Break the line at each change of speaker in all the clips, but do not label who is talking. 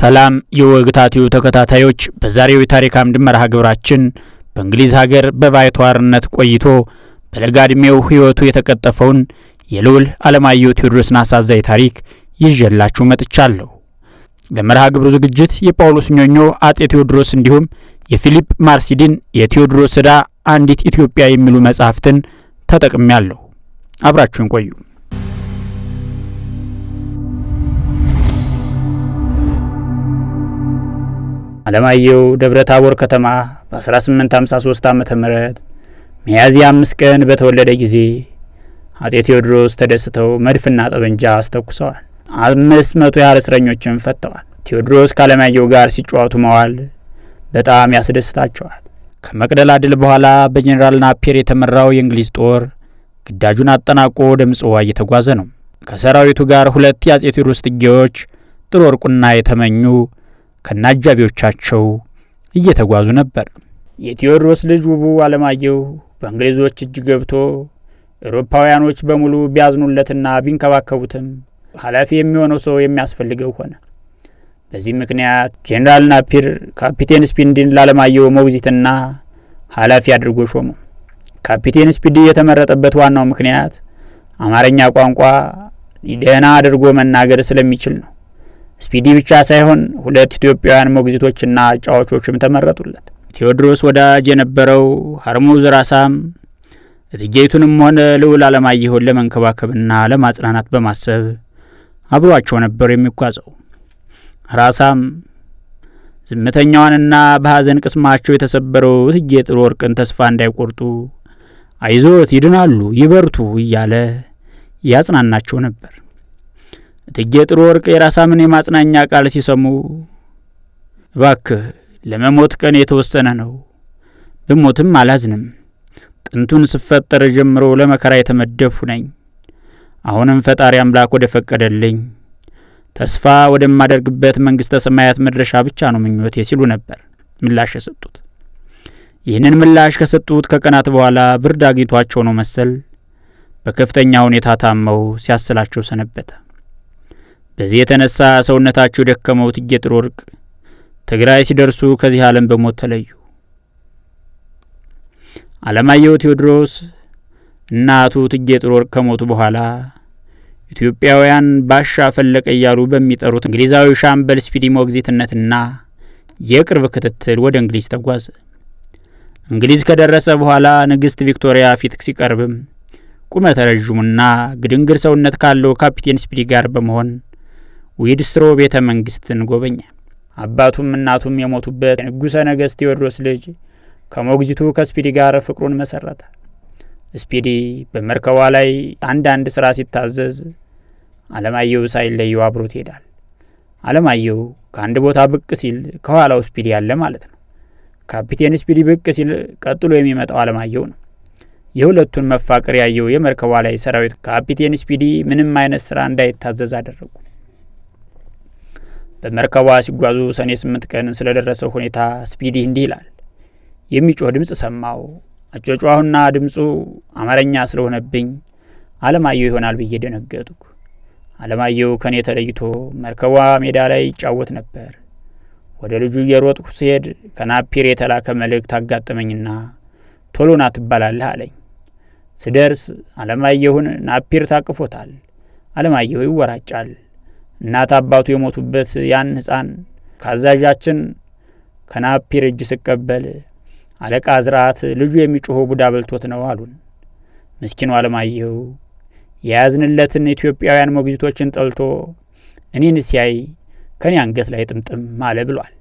ሰላም የወግታቲው ተከታታዮች፣ በዛሬው የታሪክ አምድ መርሃ ግብራችን በእንግሊዝ ሀገር በባይተዋርነት ቆይቶ በለጋ ዕድሜው ሕይወቱ የተቀጠፈውን የልዑል አለማየሁ ቴዎድሮስን አሳዛኝ ታሪክ ይዤላችሁ መጥቻለሁ። ለመርሃ ግብሩ ዝግጅት የጳውሎስ ኞኞ አጤ ቴዎድሮስ እንዲሁም የፊሊፕ ማርሲዲን የቴዎድሮስ ዕዳ አንዲት ኢትዮጵያ የሚሉ መጻሕፍትን ተጠቅሜያለሁ። አብራችሁን ቆዩ።
አለማየሁ ደብረ ታቦር ከተማ በ1853 ዓ ም ሚያዝያ አምስት ቀን በተወለደ ጊዜ አጤ ቴዎድሮስ ተደስተው መድፍና ጠበንጃ አስተኩሰዋል። አምስት መቶ ያህል እስረኞችን ፈተዋል። ቴዎድሮስ ከአለማየሁ ጋር ሲጫወቱ መዋል በጣም ያስደስታቸዋል። ከመቅደላ ድል በኋላ በጄኔራል ናፔር የተመራው የእንግሊዝ ጦር ግዳጁን አጠናቆ ወደ ምጽዋ እየተጓዘ ነው። ከሰራዊቱ ጋር ሁለት የአጼ ቴዎድሮስ ጥጌዎች ጥሩ ወርቁና የተመኙ ከነአጃቢዎቻቸው እየተጓዙ ነበር። የቴዎድሮስ ልጅ ውቡ አለማየሁ በእንግሊዞች እጅ ገብቶ አውሮፓውያኖች በሙሉ ቢያዝኑለትና ቢንከባከቡትም ኃላፊ የሚሆነው ሰው የሚያስፈልገው ሆነ። በዚህ ምክንያት ጄኔራል ናፒር ካፒቴን ስፒንዲን ላለማየሁ ሞግዚትና ኃላፊ አድርጎ ሾሙ። ካፒቴን ስፒዲ የተመረጠበት ዋናው ምክንያት አማርኛ ቋንቋ ደህና አድርጎ መናገር ስለሚችል ነው። ስፒዲ ብቻ ሳይሆን ሁለት ኢትዮጵያውያን ሞግዚቶችና ጫዋቾችም ተመረጡለት። ቴዎድሮስ ወዳጅ የነበረው ሀርሙዝ ራሳም እትጌቱንም ሆነ ልዑል አለማየሁን ለመንከባከብና ለማጽናናት በማሰብ አብሯቸው ነበር የሚጓዘው። ራሳም ዝምተኛዋንና በሐዘን ቅስማቸው የተሰበረው እቴጌ ጥሩ ወርቅን ተስፋ እንዳይቆርጡ አይዞት፣ ይድናሉ፣ ይበርቱ እያለ ያጽናናቸው ነበር። እቴጌ ጥሩ ወርቅ የራሳምን የማጽናኛ ቃል ሲሰሙ እባክህ ለመሞት ቀን የተወሰነ ነው፣ ብሞትም አላዝንም። ጥንቱን ስፈጠር ጀምሮ ለመከራ የተመደብሁ ነኝ። አሁንም ፈጣሪ አምላክ ወደ ፈቀደልኝ ተስፋ ወደማደርግበት መንግሥተ ሰማያት መድረሻ ብቻ ነው ምኞቴ ሲሉ ነበር ምላሽ የሰጡት። ይህንን ምላሽ ከሰጡት ከቀናት በኋላ ብርድ አግኝቷቸው ነው መሰል በከፍተኛ ሁኔታ ታመው ሲያስላቸው ሰነበተ። በዚህ የተነሳ ሰውነታቸው ደከመው እቴጌ ጥሩ ወርቅ ትግራይ ሲደርሱ ከዚህ ዓለም በሞት ተለዩ። አለማየሁ ቴዎድሮስ እናቱ እቴጌ ጥሩ ወርቅ ከሞቱ በኋላ ኢትዮጵያውያን ባሻ ፈለቀ እያሉ በሚጠሩት እንግሊዛዊ ሻምበል ስፒዲ ሞግዚትነትና የቅርብ ክትትል ወደ እንግሊዝ ተጓዘ። እንግሊዝ ከደረሰ በኋላ ንግሥት ቪክቶሪያ ፊት ሲቀርብም ቁመተ ረዥሙና ግድንግር ሰውነት ካለው ካፒቴን ስፒዲ ጋር በመሆን ዊድስትሮ ቤተ መንግስትን ጎበኘ። አባቱም እናቱም የሞቱበት ንጉሠ ነገሥት ቴዎድሮስ ልጅ ከሞግዚቱ ከስፒዲ ጋር ፍቅሩን መሰረተ። ስፒዲ በመርከቧ ላይ አንዳንድ ስራ ሲታዘዝ አለማየሁ ሳይለየው አብሮት ይሄዳል። አለማየሁ ከአንድ ቦታ ብቅ ሲል ከኋላው ስፒዲ ያለ ማለት ነው። ካፒቴን ስፒዲ ብቅ ሲል ቀጥሎ የሚመጣው አለማየሁ ነው። የሁለቱን መፋቀር ያየው የመርከቧ ላይ ሰራዊት ካፒቴን ስፒዲ ምንም አይነት ስራ እንዳይታዘዝ አደረጉ። በመርከቧ ሲጓዙ ሰኔ ስምንት ቀን ስለደረሰው ሁኔታ ስፒዲ እንዲህ ይላል። የሚጮህ ድምፅ ሰማው። አጮጫሁና ድምፁ አማርኛ ስለሆነብኝ አለማየሁ ይሆናል ብዬ ደነገጥኩ። አለማየሁ ከእኔ ተለይቶ መርከቧ ሜዳ ላይ ይጫወት ነበር። ወደ ልጁ እየሮጥኩ ስሄድ ከናፒር የተላከ መልእክት አጋጠመኝና ቶሎና ትባላለህ አለኝ። ስደርስ አለማየሁን ናፒር ታቅፎታል። አለማየሁ ይወራጫል። እናት አባቱ የሞቱበት ያን ሕፃን ከአዛዣችን ከናፒር እጅ ስቀበል አለቃ ዝርዓት ልጁ የሚጮኸው ቡዳ በልቶት ነው አሉን። ምስኪኑ አለማየሁ የያዝንለትን ኢትዮጵያውያን ሞግዚቶችን ጠልቶ እኔን ሲያይ ከኔ አንገት ላይ ጥምጥም ማለ ብሏል።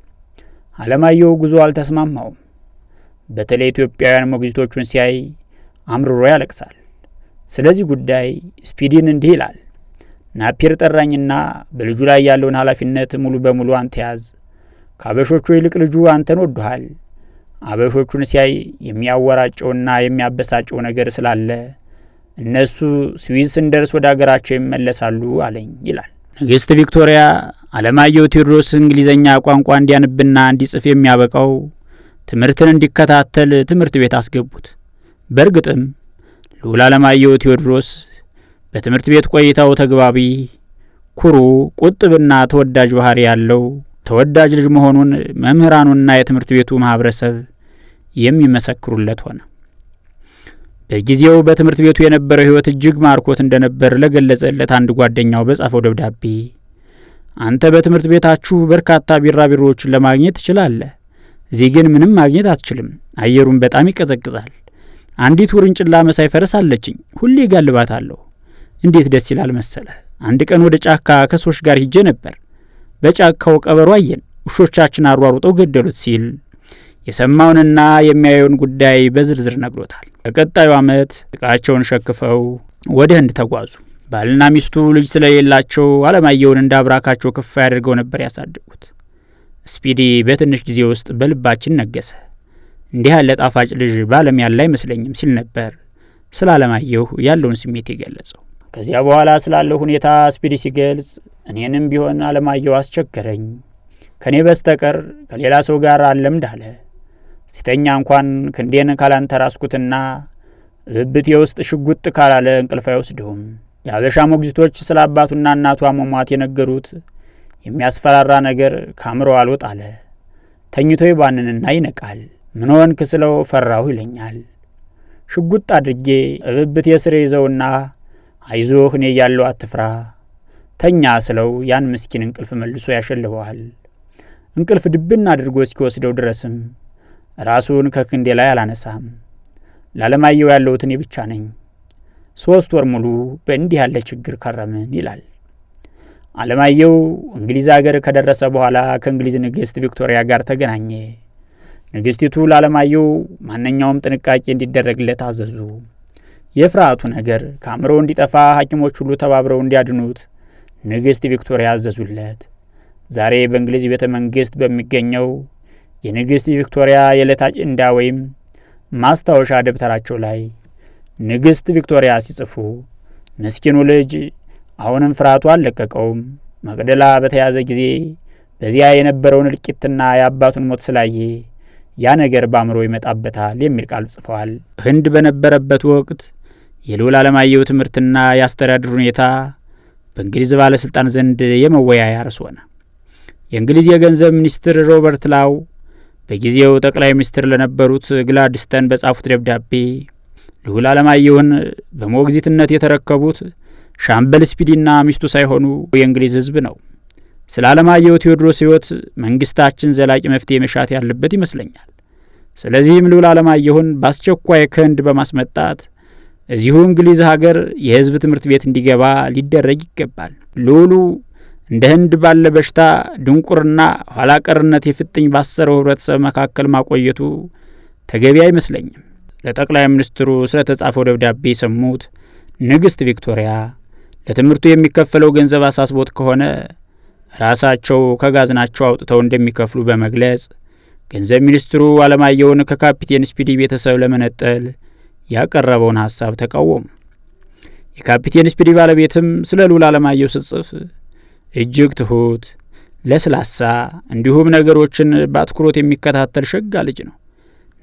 አለማየሁ ጉዞ አልተስማማውም። በተለይ ኢትዮጵያውያን ሞግዚቶቹን ሲያይ አምርሮ ያለቅሳል። ስለዚህ ጉዳይ ስፒዲን እንዲህ ይላል። ናፒር ጠራኝና በልጁ ላይ ያለውን ኃላፊነት ሙሉ በሙሉ አንተ ያዝ። ከአበሾቹ ይልቅ ልጁ አንተን ወዶሃል። አበሾቹን ሲያይ የሚያወራጨውና የሚያበሳጨው ነገር ስላለ እነሱ ስዊዝ ስንደርስ ወደ አገራቸው ይመለሳሉ አለኝ ይላል። ንግሥት ቪክቶሪያ አለማየሁ ቴዎድሮስ እንግሊዘኛ ቋንቋ እንዲያንብና እንዲጽፍ የሚያበቃው ትምህርትን እንዲከታተል ትምህርት ቤት አስገቡት። በእርግጥም ልዑል አለማየሁ ቴዎድሮስ በትምህርት ቤት ቆይታው ተግባቢ፣ ኩሩ፣ ቁጥብና ተወዳጅ ባህሪ ያለው ተወዳጅ ልጅ መሆኑን መምህራኑና የትምህርት ቤቱ ማህበረሰብ የሚመሰክሩለት ሆነ። በጊዜው በትምህርት ቤቱ የነበረው ሕይወት እጅግ ማርኮት እንደነበር ለገለጸለት አንድ ጓደኛው በጻፈው ደብዳቤ አንተ በትምህርት ቤታችሁ በርካታ ቢራቢሮዎችን ለማግኘት ትችላለህ። እዚህ ግን ምንም ማግኘት አትችልም። አየሩም በጣም ይቀዘቅዛል። አንዲት ውርንጭላ መሳይ ፈረስ አለችኝ። ሁሌ ጋልባታለሁ። እንዴት ደስ ይላል መሰለህ! አንድ ቀን ወደ ጫካ ከሰዎች ጋር ሂጄ ነበር። በጫካው ቀበሮ አየን፣ ውሾቻችን አሯሩጠው ገደሉት ሲል የሰማውንና የሚያየውን ጉዳይ በዝርዝር ነግሮታል። በቀጣዩ ዓመት ዕቃቸውን ሸክፈው ወደ ህንድ ተጓዙ። ባልና ሚስቱ ልጅ ስለሌላቸው አለማየሁን እንደ አብራካቸው ከፍ ያደርገው ነበር ያሳደጉት። ስፒዲ በትንሽ ጊዜ ውስጥ በልባችን ነገሰ። እንዲህ ያለ ጣፋጭ ልጅ በዓለም ያለ አይመስለኝም ሲል ነበር ስለ አለማየሁ ያለውን ስሜት የገለጸው። ከዚያ በኋላ ስላለው ሁኔታ ስፒድ ሲገልጽ እኔንም ቢሆን አለማየሁ አስቸገረኝ። ከእኔ በስተቀር ከሌላ ሰው ጋር አለምድ አለ። ሲተኛ እንኳን ክንዴን ካላንተራስኩትና ብብት የውስጥ ሽጉጥ ካላለ እንቅልፍ አይወስደውም። የአበሻ ሞግዚቶች ስለ አባቱና እናቱ አሟሟት የነገሩት የሚያስፈራራ ነገር ካምሮ አልወጥ አለ። ተኝቶ ይባንንና ይነቃል። ምን ሆንክ ስለው ፈራሁ ይለኛል። ሽጉጥ አድርጌ እብብት የስር ይዘውና አይዞህ እኔ እያለሁ አትፍራ ተኛ ስለው ያን ምስኪን እንቅልፍ መልሶ ያሸልፈዋል። እንቅልፍ ድብን አድርጎ እስኪወስደው ድረስም ራሱን ከክንዴ ላይ አላነሳም። ላለማየው ያለሁት እኔ ብቻ ነኝ። ሶስት ወር ሙሉ በእንዲህ ያለ ችግር ከረምን ይላል። አለማየው እንግሊዝ አገር ከደረሰ በኋላ ከእንግሊዝ ንግሥት ቪክቶሪያ ጋር ተገናኘ። ንግሥቲቱ ለአለማየው ማንኛውም ጥንቃቄ እንዲደረግለት አዘዙ። የፍርሃቱ ነገር ከአእምሮ እንዲጠፋ ሐኪሞች ሁሉ ተባብረው እንዲያድኑት ንግሥት ቪክቶሪያ አዘዙለት። ዛሬ በእንግሊዝ ቤተ መንግሥት በሚገኘው የንግሥት ቪክቶሪያ የዕለት አጀንዳ ወይም ማስታወሻ ደብተራቸው ላይ ንግሥት ቪክቶሪያ ሲጽፉ ምስኪኑ ልጅ አሁንም ፍርሃቱ አልለቀቀውም። መቅደላ በተያዘ ጊዜ በዚያ የነበረውን እልቂትና የአባቱን ሞት ስላየ ያ ነገር በአእምሮ ይመጣበታል የሚል ቃል ጽፈዋል። ህንድ በነበረበት ወቅት የልዑል ዓለማየሁ ትምህርትና የአስተዳደር ሁኔታ በእንግሊዝ ባለሥልጣን ዘንድ የመወያያ ርዕስ ሆነ። የእንግሊዝ የገንዘብ ሚኒስትር ሮበርት ላው በጊዜው ጠቅላይ ሚኒስትር ለነበሩት ግላድስተን በጻፉት ደብዳቤ ልዑል ዓለማየሁን በሞግዚትነት የተረከቡት ሻምበል ስፒዲና ሚስቱ ሳይሆኑ የእንግሊዝ ሕዝብ ነው። ስለ አለማየሁ ቴዎድሮስ ሕይወት መንግስታችን ዘላቂ መፍትሄ መሻት ያለበት ይመስለኛል። ስለዚህም ልዑል ዓለማየሁን በአስቸኳይ ከህንድ በማስመጣት እዚሁ እንግሊዝ ሀገር የህዝብ ትምህርት ቤት እንዲገባ ሊደረግ ይገባል። ልዑሉ እንደ ህንድ ባለ በሽታ ድንቁርና፣ ኋላ ቀርነት የፍጥኝ ባሰረው ህብረተሰብ መካከል ማቆየቱ ተገቢ አይመስለኝም። ለጠቅላይ ሚኒስትሩ ስለ ተጻፈው ደብዳቤ የሰሙት ንግሥት ቪክቶሪያ ለትምህርቱ የሚከፈለው ገንዘብ አሳስቦት ከሆነ ራሳቸው ከጋዝናቸው አውጥተው እንደሚከፍሉ በመግለጽ ገንዘብ ሚኒስትሩ አለማየሁን ከካፒቴን ስፒዲ ቤተሰብ ለመነጠል ያቀረበውን ሀሳብ ተቃወሙ። የካፒቴን ስፒዲ ባለቤትም ስለ ሉላ አለማየሁ ስጽፍ እጅግ ትሑት፣ ለስላሳ እንዲሁም ነገሮችን በአትኩሮት የሚከታተል ሸጋ ልጅ ነው።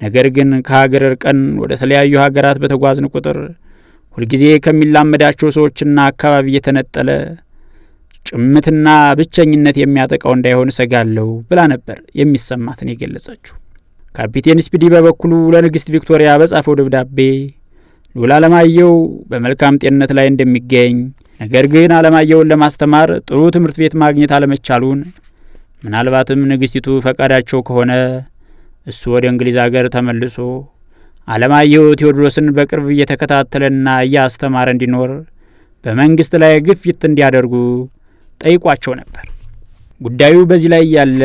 ነገር ግን ከሀገር ርቀን ወደ ተለያዩ ሀገራት በተጓዝን ቁጥር ሁልጊዜ ከሚላመዳቸው ሰዎችና አካባቢ የተነጠለ ጭምትና ብቸኝነት የሚያጠቃው እንዳይሆን እሰጋለሁ ብላ ነበር የሚሰማትን የገለጸችው። ካፒቴን ስፒዲ በበኩሉ ለንግሥት ቪክቶሪያ በጻፈው ደብዳቤ ልዑል አለማየሁ በመልካም ጤንነት ላይ እንደሚገኝ ነገር ግን አለማየሁን ለማስተማር ጥሩ ትምህርት ቤት ማግኘት አለመቻሉን ምናልባትም ንግሥቲቱ ፈቃዳቸው ከሆነ እሱ ወደ እንግሊዝ አገር ተመልሶ አለማየሁ ቴዎድሮስን በቅርብ እየተከታተለና እያስተማረ እንዲኖር በመንግሥት ላይ ግፊት እንዲያደርጉ ጠይቋቸው ነበር። ጉዳዩ በዚህ ላይ ያለ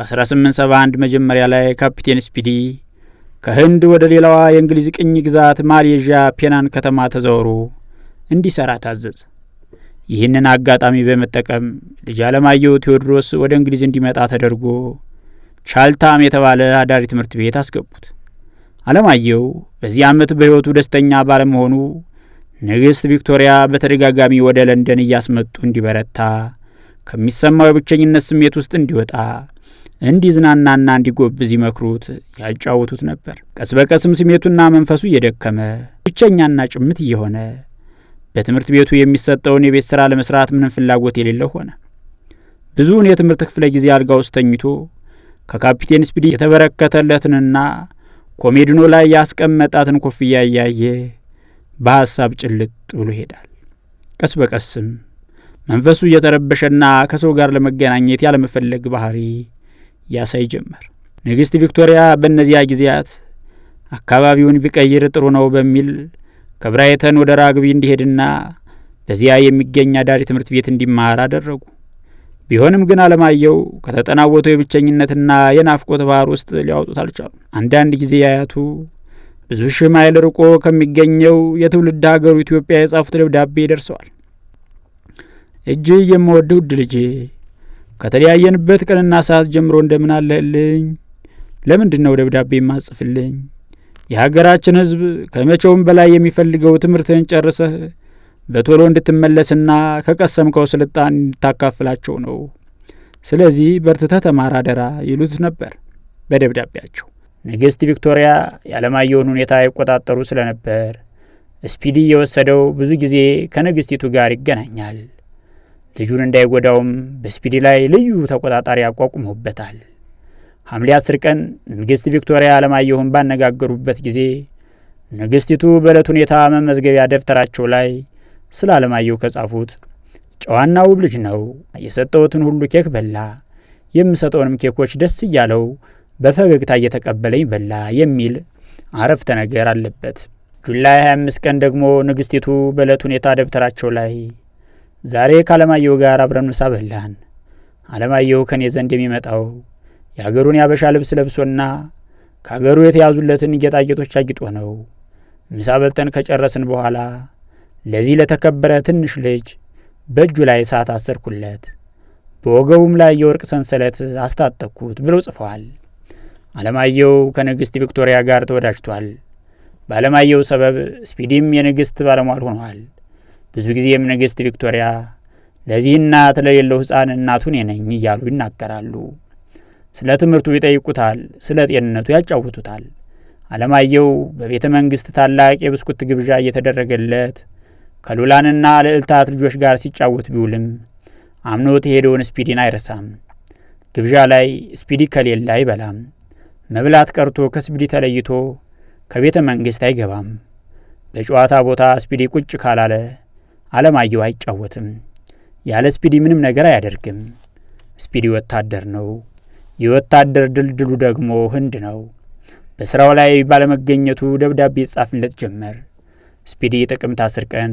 በ1871 መጀመሪያ ላይ ካፒቴን ስፒዲ ከህንድ ወደ ሌላዋ የእንግሊዝ ቅኝ ግዛት ማሌዥያ ፔናን ከተማ ተዘውሮ እንዲሰራ ታዘዘ። ይህንን አጋጣሚ በመጠቀም ልጅ አለማየሁ ቴዎድሮስ ወደ እንግሊዝ እንዲመጣ ተደርጎ ቻልታም የተባለ አዳሪ ትምህርት ቤት አስገቡት። አለማየሁ በዚህ ዓመት በሕይወቱ ደስተኛ ባለመሆኑ ንግሥት ቪክቶሪያ በተደጋጋሚ ወደ ለንደን እያስመጡ እንዲበረታ ከሚሰማው የብቸኝነት ስሜት ውስጥ እንዲወጣ እንዲዝናናና እንዲጎብዝ ይመክሩት፣ ያጫወቱት ነበር። ቀስ በቀስም ስሜቱና መንፈሱ እየደከመ ብቸኛና ጭምት እየሆነ በትምህርት ቤቱ የሚሰጠውን የቤት ስራ ለመስራት ምንም ፍላጎት የሌለው ሆነ። ብዙውን የትምህርት ክፍለ ጊዜ አልጋ ውስጥ ተኝቶ ከካፒቴን ስፒዲ የተበረከተለትንና ኮሜድኖ ላይ ያስቀመጣትን ኮፍያ እያየ በሐሳብ ጭልጥ ብሎ ይሄዳል። ቀስ በቀስም መንፈሱ እየተረበሸና ከሰው ጋር ለመገናኘት ያለመፈለግ ባህሪ ያሳይ ጀመር። ንግሥት ቪክቶሪያ በእነዚያ ጊዜያት አካባቢውን ቢቀይር ጥሩ ነው በሚል ከብራይተን ወደ ራግቢ እንዲሄድና በዚያ የሚገኝ አዳሪ ትምህርት ቤት እንዲማር አደረጉ። ቢሆንም ግን አለማየሁ ከተጠናወተው የብቸኝነትና የናፍቆት ባህር ውስጥ ሊያወጡት አልቻሉ። አንዳንድ ጊዜ አያቱ ብዙ ሺህ ማይል ርቆ ከሚገኘው የትውልድ ሀገሩ ኢትዮጵያ የጻፉት ደብዳቤ ደርሰዋል። እጅ የምወድ ውድ ልጄ ከተለያየንበት ቀንና ሰዓት ጀምሮ እንደምን አለህልኝ? ለምንድን ነው ደብዳቤ የማጽፍልኝ? የሀገራችን ሕዝብ ከመቼውም በላይ የሚፈልገው ትምህርትህን ጨርሰህ በቶሎ እንድትመለስና ከቀሰምከው ስልጣን እንድታካፍላቸው ነው። ስለዚህ በርትተህ ተማር አደራ ይሉት ነበር በደብዳቤያቸው። ንግሥት ቪክቶሪያ የዓለማየሁን ሁኔታ ይቆጣጠሩ ስለነበር ስፒዲ የወሰደው ብዙ ጊዜ ከንግሥቲቱ ጋር ይገናኛል። ልጁን እንዳይጎዳውም በስፒዲ ላይ ልዩ ተቆጣጣሪ አቋቁመውበታል። ሐምሌ አስር ቀን ንግሥት ቪክቶሪያ አለማየሁን ባነጋገሩበት ጊዜ ንግሥቲቱ በዕለት ሁኔታ መመዝገቢያ ደብተራቸው ላይ ስለ አለማየሁ ከጻፉት ጨዋና ውብ ልጅ ነው። የሰጠሁትን ሁሉ ኬክ በላ፣ የምሰጠውንም ኬኮች ደስ እያለው በፈገግታ እየተቀበለኝ በላ የሚል አረፍተ ነገር አለበት። ጁላይ 25 ቀን ደግሞ ንግሥቲቱ በዕለት ሁኔታ ደብተራቸው ላይ ዛሬ ከአለማየሁ ጋር አብረን ምሳ በላን። አለማየሁ ከእኔ ዘንድ የሚመጣው የአገሩን ያበሻ ልብስ ለብሶና ከአገሩ የተያዙለትን ጌጣጌጦች አጊጦ ነው። ምሳ በልተን ከጨረስን በኋላ ለዚህ ለተከበረ ትንሽ ልጅ በእጁ ላይ ሰዓት አሰርኩለት፣ በወገቡም ላይ የወርቅ ሰንሰለት አስታጠቅኩት ብለው ጽፈዋል። አለማየሁ ከንግሥት ቪክቶሪያ ጋር ተወዳጅቷል። በአለማየሁ ሰበብ ስፒዲም የንግሥት ባለሟል ሆነዋል። ብዙ ጊዜም ንግሥት ቪክቶሪያ ለዚህ እናት ለሌለው ሕፃን እናቱ እኔ ነኝ እያሉ ይናገራሉ። ስለ ትምህርቱ ይጠይቁታል፣ ስለ ጤንነቱ ያጫውቱታል። አለማየሁ በቤተ መንግሥት ታላቅ የብስኩት ግብዣ እየተደረገለት ከሉላንና ልዕልታት ልጆች ጋር ሲጫወት ቢውልም አምኖት የሄደውን ስፒዲን አይረሳም። ግብዣ ላይ ስፒዲ ከሌለ አይበላም። መብላት ቀርቶ ከስፒዲ ተለይቶ ከቤተ መንግሥት አይገባም። በጨዋታ ቦታ ስፒዲ ቁጭ ካላለ አለማየሁ አይጫወትም። ያለ ስፒዲ ምንም ነገር አያደርግም። ስፒዲ ወታደር ነው። የወታደር ድልድሉ ደግሞ ህንድ ነው። በስራው ላይ ባለመገኘቱ ደብዳቤ ጻፍለት ጀመር። ስፒዲ ጥቅምት አስር ቀን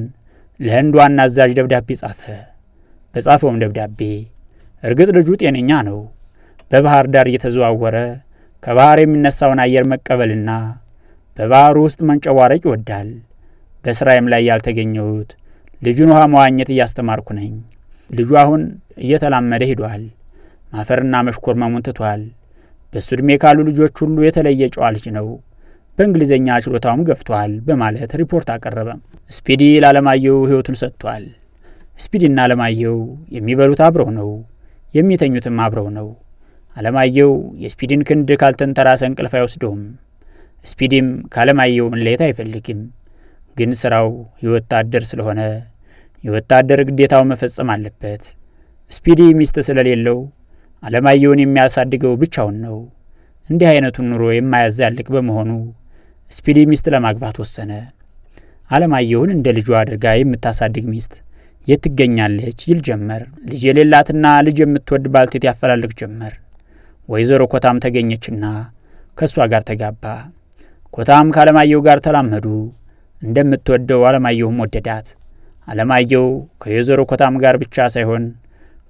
ለህንድ ዋና አዛዥ ደብዳቤ ጻፈ። በጻፈውም ደብዳቤ እርግጥ ልጁ ጤነኛ ነው። በባህር ዳር እየተዘዋወረ ከባህር የሚነሳውን አየር መቀበልና በባህሩ ውስጥ መንጨዋረቅ ይወዳል። በስራዬም ላይ ያልተገኘሁት ልጁን ውሃ መዋኘት እያስተማርኩ ነኝ። ልጁ አሁን እየተላመደ ሂዷል። ማፈርና መሽኮርመሙን ትቷል። በእሱ ዕድሜ ካሉ ልጆች ሁሉ የተለየ ጨዋ ልጅ ነው። በእንግሊዝኛ ችሎታውም ገፍቷል በማለት ሪፖርት አቀረበ። ስፒዲ ለአለማየሁ ሕይወቱን ሰጥቷል። ስፒዲና አለማየሁ የሚበሉት አብረው ነው፣ የሚተኙትም አብረው ነው። አለማየሁ የስፒዲን ክንድ ካልተንተራሰ እንቅልፍ አይወስደውም። ስፒዲም ከአለማየሁ መለየት አይፈልግም። ግን ስራው ሕይወት ታደር ስለሆነ የወታደር ግዴታው መፈጸም አለበት። ስፒዲ ሚስት ስለሌለው አለማየሁን የሚያሳድገው ብቻውን ነው። እንዲህ አይነቱን ኑሮ የማያዛልቅ በመሆኑ ስፒዲ ሚስት ለማግባት ወሰነ። አለማየሁን እንደ ልጇ አድርጋ የምታሳድግ ሚስት የት ትገኛለች ይል ጀመር። ልጅ የሌላትና ልጅ የምትወድ ባልቴት ያፈላልግ ጀመር። ወይዘሮ ኮታም ተገኘችና ከእሷ ጋር ተጋባ። ኮታም ከአለማየሁ ጋር ተላመዱ። እንደምትወደው አለማየሁም ወደዳት። አለማየሁ ከወይዘሮ ኮታም ጋር ብቻ ሳይሆን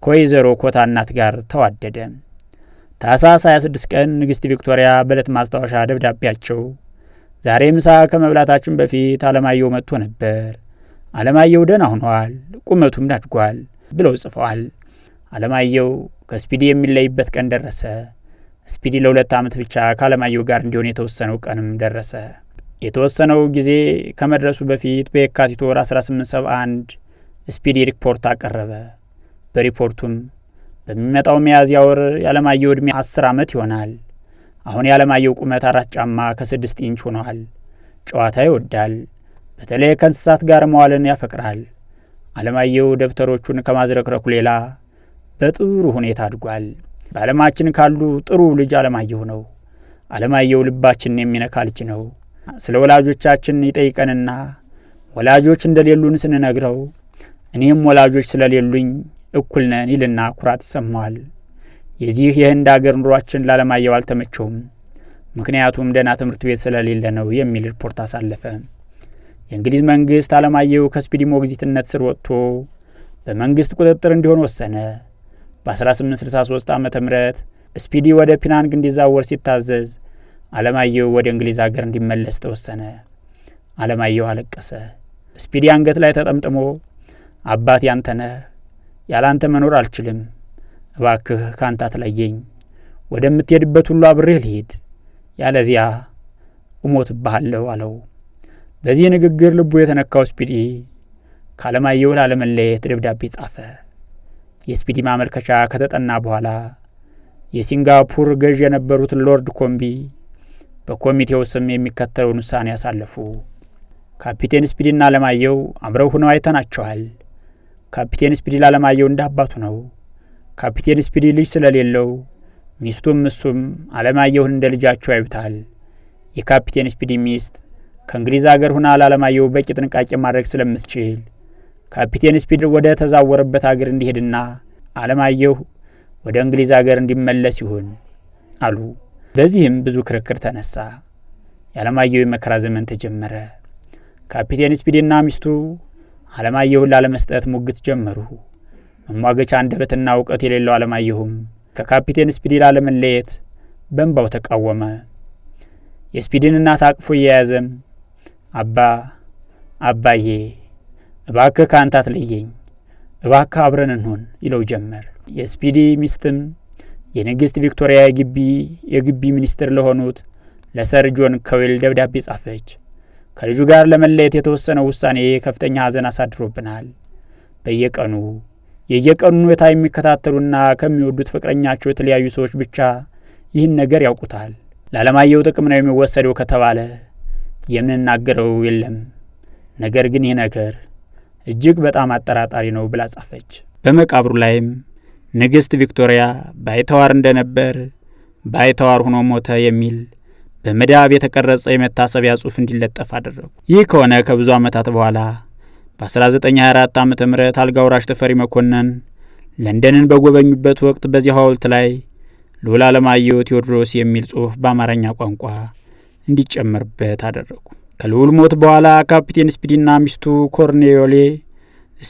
ከወይዘሮ ኮታ እናት ጋር ተዋደደ። ታኅሳስ 26 ቀን ንግሥት ቪክቶሪያ በዕለት ማስታወሻ ደብዳቤያቸው ዛሬ ምሳ ከመብላታችን በፊት አለማየሁ መጥቶ ነበር። አለማየሁ ደህና ሆኗል፣ ቁመቱም ዳድጓል ብለው ጽፈዋል። አለማየሁ ከስፒዲ የሚለይበት ቀን ደረሰ። ስፒዲ ለሁለት ዓመት ብቻ ከአለማየሁ ጋር እንዲሆን የተወሰነው ቀንም ደረሰ። የተወሰነው ጊዜ ከመድረሱ በፊት በየካቲት ወር 1871 ስፒዲ ሪፖርት አቀረበ። በሪፖርቱም በሚመጣው ሚያዝያ ወር የዓለማየሁ ዕድሜ 10 ዓመት ይሆናል። አሁን የዓለማየሁ ቁመት አራት ጫማ ከስድስት ኢንች ሆኗል። ጨዋታ ይወዳል። በተለይ ከእንስሳት ጋር መዋልን ያፈቅራል። ዓለማየሁ ደብተሮቹን ከማዝረክረኩ ሌላ በጥሩ ሁኔታ አድጓል። በዓለማችን ካሉ ጥሩ ልጅ ዓለማየሁ ነው። ዓለማየሁ ልባችንን የሚነካ ልጅ ነው። ስለ ወላጆቻችን ይጠይቀንና ወላጆች እንደሌሉን ስንነግረው እኔም ወላጆች ስለሌሉኝ እኩል ነን ይልና ኩራት ይሰማዋል። የዚህ የህንድ አገር ኑሯችን ላለማየው አልተመቸውም፣ ምክንያቱም ደህና ትምህርት ቤት ስለሌለ ነው የሚል ሪፖርት አሳለፈ። የእንግሊዝ መንግስት አለማየሁ ከስፒዲ ሞግዚትነት ስር ወጥቶ በመንግስት ቁጥጥር እንዲሆን ወሰነ። በ1863 ዓ ም ስፒዲ ወደ ፒናንግ እንዲዛወር ሲታዘዝ አለማየሁ ወደ እንግሊዝ ሀገር እንዲመለስ ተወሰነ። አለማየሁ አለቀሰ። ስፒዲ አንገት ላይ ተጠምጥሞ አባት ያንተነ ያላንተ መኖር አልችልም፣ እባክህ ካንተ አትለየኝ፣ ወደምትሄድበት ሁሉ አብሬህ ልሂድ፣ ያለዚያ እሞትብሃለሁ አለው። በዚህ ንግግር ልቡ የተነካው ስፒዲ ከአለማየሁ ላለመለየት ደብዳቤ ጻፈ። የስፒዲ ማመልከቻ ከተጠና በኋላ የሲንጋፑር ገዥ የነበሩትን ሎርድ ኮምቢ በኮሚቴው ስም የሚከተለውን ውሳኔ ያሳለፉ። ካፒቴን ስፒድና አለማየሁ አብረው ሆነው አይተናቸዋል። ካፒቴን ስፒድ ላለማየሁ እንደ አባቱ ነው። ካፒቴን ስፒድ ልጅ ስለሌለው ሚስቱም እሱም አለማየሁን እንደ ልጃቸው ያዩታል። የካፒቴን ስፒድ ሚስት ከእንግሊዝ አገር ሆና ላለማየሁ በቂ ጥንቃቄ ማድረግ ስለምትችል ካፒቴን ስፒድ ወደ ተዛወረበት አገር እንዲሄድና አለማየሁ ወደ እንግሊዝ አገር እንዲመለስ ይሁን አሉ። በዚህም ብዙ ክርክር ተነሳ። የአለማየሁ የመከራ ዘመን ተጀመረ። ካፒቴን ስፒዲና ሚስቱ አለማየሁን ላለመስጠት ሙግት ጀመሩ። መሟገቻ አንደበትና እውቀት የሌለው ዓለማየሁም ከካፒቴን ስፒዲ ላለመለየት በእንባው ተቃወመ። የስፒድን እናት አቅፎ እየያዘም አባ አባዬ እባክህ ከአንታት ለየኝ፣ እባክህ አብረን እንሆን ይለው ጀመር። የስፒዲ ሚስትም የንግሥት ቪክቶሪያ የግቢ የግቢ ሚኒስትር ለሆኑት ለሰር ጆን ከዌል ደብዳቤ ጻፈች። ከልጁ ጋር ለመለየት የተወሰነው ውሳኔ ከፍተኛ ሐዘን አሳድሮብናል። በየቀኑ የየቀኑ ሁኔታ የሚከታተሉና ከሚወዱት ፍቅረኛቸው የተለያዩ ሰዎች ብቻ ይህን ነገር ያውቁታል። ለዓለማየሁ ጥቅም ነው የሚወሰደው ከተባለ የምንናገረው የለም። ነገር ግን ይህ ነገር እጅግ በጣም አጠራጣሪ ነው ብላ ጻፈች። በመቃብሩ ላይም ንግሥት ቪክቶሪያ ባይተዋር እንደነበር ባይተዋር ሆኖ ሞተ የሚል በመዳብ የተቀረጸ የመታሰቢያ ጽሑፍ እንዲለጠፍ አደረጉ። ይህ ከሆነ ከብዙ ዓመታት በኋላ በ1924 ዓ ም አልጋ ተፈሪ መኮንን ለንደንን በጎበኙበት ወቅት በዚህ ሐውልት ላይ ልዑል ዓለማየሁ ቴዎድሮስ የሚል ጽሑፍ በአማርኛ ቋንቋ እንዲጨመርበት አደረጉ። ከልዑል ሞት በኋላ ካፒቴን ስፒዲና ሚስቱ ኮርኔዮሌ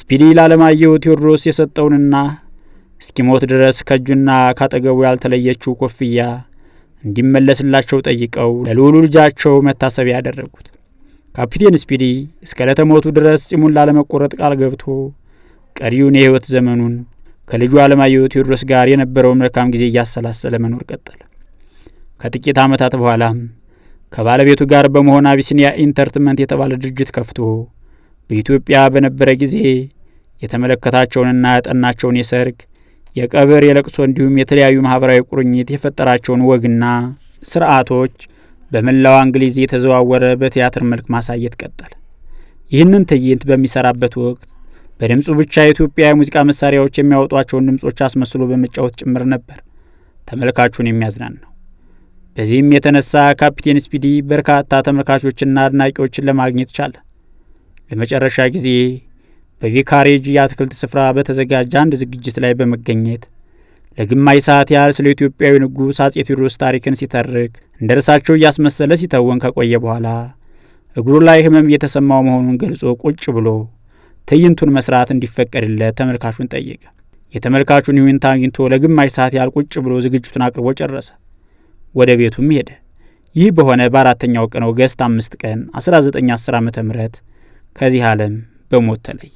ስፒዲ ለዓለማየሁ ቴዎድሮስ የሰጠውንና እስኪሞት ድረስ ከእጁና ካጠገቡ ያልተለየችው ኮፍያ እንዲመለስላቸው ጠይቀው ለልዑሉ ልጃቸው መታሰቢያ ያደረጉት። ካፒቴን ስፒዲ እስከ ለተሞቱ ድረስ ጺሙን ላለመቆረጥ ቃል ገብቶ ቀሪውን የሕይወት ዘመኑን ከልጁ አለማየሁ ቴዎድሮስ ጋር የነበረውን መልካም ጊዜ እያሰላሰለ መኖር ቀጠለ። ከጥቂት ዓመታት በኋላም ከባለቤቱ ጋር በመሆን አቢሲኒያ ኢንተርትመንት የተባለ ድርጅት ከፍቶ በኢትዮጵያ በነበረ ጊዜ የተመለከታቸውንና ያጠናቸውን የሰርግ የቀብር፣ የለቅሶ እንዲሁም የተለያዩ ማህበራዊ ቁርኝት የፈጠራቸውን ወግና ስርዓቶች በመላዋ እንግሊዝ የተዘዋወረ በቲያትር መልክ ማሳየት ቀጠለ። ይህንን ትዕይንት በሚሰራበት ወቅት በድምፁ ብቻ የኢትዮጵያ የሙዚቃ መሳሪያዎች የሚያወጧቸውን ድምፆች አስመስሎ በመጫወት ጭምር ነበር ተመልካቹን የሚያዝናን ነው። በዚህም የተነሳ ካፒቴን ስፒዲ በርካታ ተመልካቾችና አድናቂዎችን ለማግኘት ቻለ። ለመጨረሻ ጊዜ በቪካሬጅ የአትክልት ስፍራ በተዘጋጀ አንድ ዝግጅት ላይ በመገኘት ለግማሽ ሰዓት ያህል ስለ ኢትዮጵያዊ ንጉሥ አጼ ቴዎድሮስ ታሪክን ሲተርክ እንደ እርሳቸው እያስመሰለ ሲተወን ከቆየ በኋላ እግሩ ላይ ሕመም እየተሰማው መሆኑን ገልጾ ቁጭ ብሎ ትዕይንቱን መስራት እንዲፈቀድለት ተመልካቹን ጠየቀ። የተመልካቹን ይሁንታ አግኝቶ ለግማሽ ሰዓት ያህል ቁጭ ብሎ ዝግጅቱን አቅርቦ ጨረሰ። ወደ ቤቱም ሄደ። ይህ በሆነ በአራተኛው ቀን ኦገስት አምስት ቀን 1910 ዓ ም ከዚህ ዓለም በሞት ተለየ።